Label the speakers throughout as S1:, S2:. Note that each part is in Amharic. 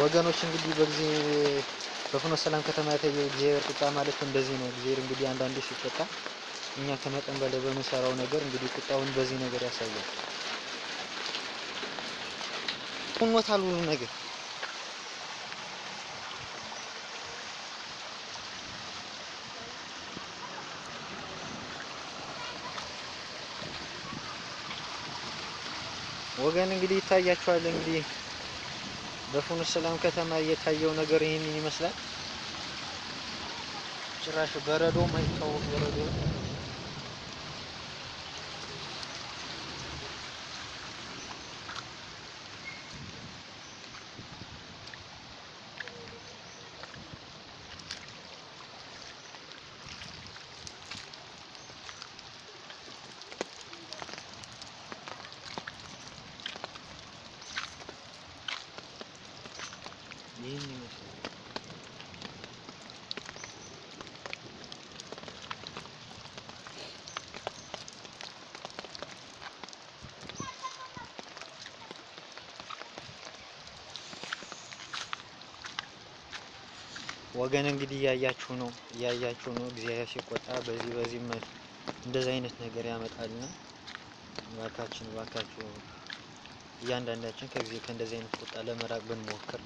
S1: ወገኖች እንግዲህ በጊዜ በፍኖ ሰላም ከተማ የተየ እግዚአብሔር ቁጣ ማለት እንደዚህ ነው። እግዚአብሔር እንግዲህ አንዳንዴ ሲቆጣ እኛ ከመጠን በላይ በምንሰራው ነገር እንግዲህ ቁጣውን በዚህ ነገር ያሳያል። ሁኖታል ሁሉ ነገር ወገን እንግዲህ ይታያቸዋል እንግዲህ በፉን ሰላም ከተማ እየታየው ነገር ይህንን ይመስላል። ጭራሽ በረዶ ማይታወቅ በረዶ ይህን ይመስላል። ወገን እንግዲህ እያያችሁ ነው እያያችሁ ነው። እግዚአብሔር ሲቆጣ በዚህ በዚህ መልክ እንደዚህ አይነት ነገር ያመጣልና እባካችን እባካችሁ እያንዳንዳችን ከዚህ ከእንደዚህ አይነት ቁጣ ለመራቅ ብንሞክር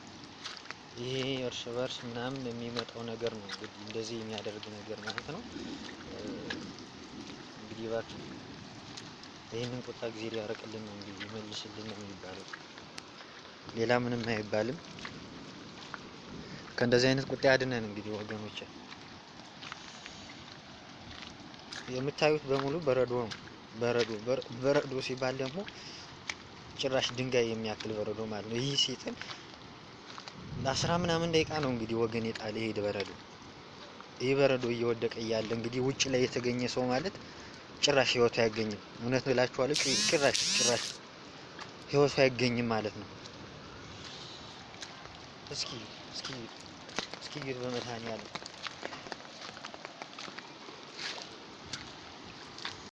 S1: ይሄ እርስ በርስ ምናምን የሚመጣው ነገር ነው እንግዲህ እንደዚህ የሚያደርግ ነገር ማለት ነው። እንግዲህ እባክህ ይህንን ቁጣ ጊዜ ሊያረቅልን ነው እንግዲህ ይመልስልን ነው የሚባለው፣ ሌላ ምንም አይባልም። ከእንደዚህ አይነት ቁጣ ያድነን እንግዲህ ወገኖች። የምታዩት በሙሉ በረዶ ነው። በረዶ በረዶ ሲባል ደግሞ ጭራሽ ድንጋይ የሚያክል በረዶ ማለት ነው። ይህ ሲጥል ለአስራ ምናምን ደቂቃ ነው እንግዲህ ወገን የጣለ ይሄ በረዶ። ይህ በረዶ እየወደቀ እያለ እንግዲህ ውጭ ላይ የተገኘ ሰው ማለት ጭራሽ ህይወቱ አያገኝም። እውነት እላችኋለሁ፣ ጭራሽ ጭራሽ ህይወቱ አያገኝም ማለት ነው። እስኪ እስኪ እስኪ በመድኃኒዓለም